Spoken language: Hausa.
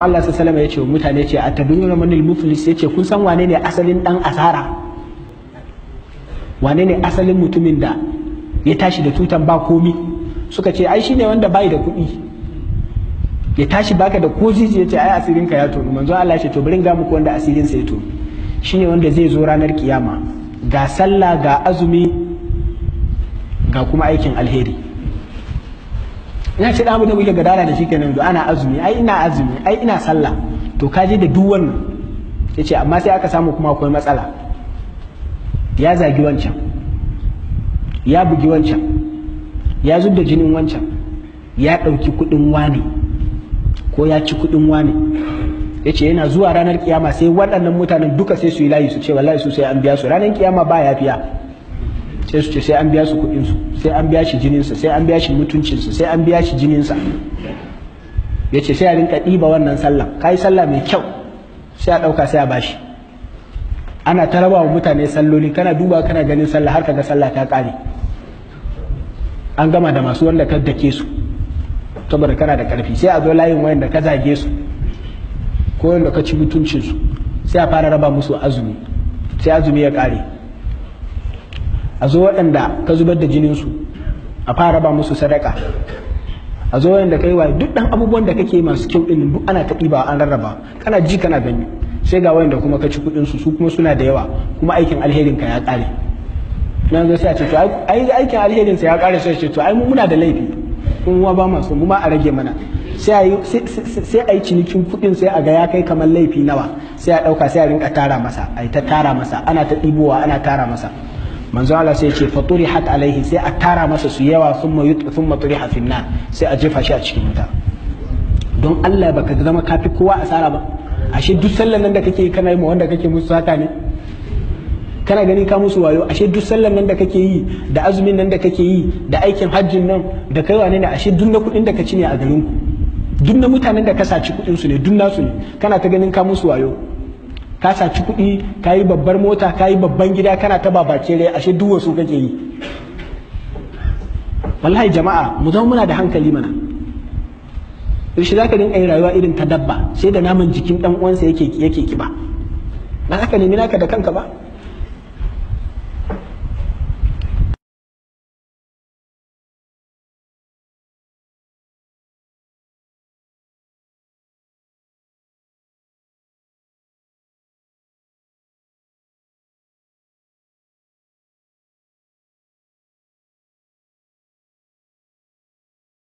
Allah sai salama ya ce mutane ce a yana manil muflis ya ce kun san wane ne asalin dan asara wane ne asalin mutumin da ya tashi da tutan ba komi suka ce ai shine wanda bai da kuɗi ya tashi baka da kozi ya ce ai asirin ka ya tonu manzo Allah ya ce to bari ga muku wanda asirin sa ya tonu shine wanda zai zo ranar kiyama ga sallah ga azumi ga kuma aikin alheri ina ce da abu da muke gadara da shi kenan nan ana azumi ai ina azumi ai ina sallah to ka je da duk wannan ce amma sai aka samu kuma akwai matsala ya zagi wancan ya bugi wancan ya zub da jinin wancan ya ɗauki kuɗin wani ko ya ci kuɗin wani ce yana zuwa ranar kiyama sai waɗannan mutanen duka sai su yi layi su ce wallahi su sai an biya su ranar kiyama ba ya fiya sai su ce sai an biya su kuɗinsu sai an biya shi jininsa sai an biya shi mutuncinsa sai an biya shi jininsa ya ce sai a rinka ɗiba wannan sallah ka yi sallah mai kyau sai a ɗauka sai a bashi ana ta raba wa mutane salloli kana duba kana ganin sallah har kaga sallah ta ƙare an gama da masu wanda ka dake su saboda kana da ƙarfi sai a zo layin wayan da ka zage su ko wanda ka ci mutuncinsu sai a fara raba musu azumi sai azumi ya ƙare a zo waɗanda ka zubar da jininsu a fara ba musu sadaka a zo waɗanda yi waye duk ɗan abubuwan da kake masu kyau ɗin duk ana ta ɗiba an rarraba kana ji kana gani sai ga waɗanda kuma ka ci kuɗinsu su kuma suna da yawa kuma aikin alherin ya ƙare na zo sai a ce to aikin alherin sa ya ƙare sai ce to ai muna da laifi kuma ba masu mu a rage mana sai a yi cinikin kuɗin sai a ga ya kai kamar laifi nawa sai a ɗauka sai a rinka tara masa a ta tara masa ana ta ɗibowa ana tara masa manzo Allah sai ce fa hat alaihi sai a tara masa su yawa thumma thumma turiha fi nar sai a jefa shi a cikin wuta don Allah baka zama kafi kowa asara ba ashe duk sallan nan da kake kana yi ma wanda kake musu haka ne kana ganin ka musu wayo ashe duk sallan nan da kake yi da azumin nan da kake yi da aikin hajjin nan da kai wane ne ashe duk na kuɗin da ka ci ne a garin ku duk na mutanen da ka saci kuɗin su ne duk nasu ne kana ta ganin ka musu wayo ka saci kuɗi ka yi babbar mota ka yi babban gida kana ta babace rai ashe duk wasu kake yi wallahi jama'a mu zama muna da hankali mana yaushe za ka dinga yin rayuwa irin ta dabba sai da naman jikin ɗan uwansa yake yake kiba na haka nemi naka da kanka ba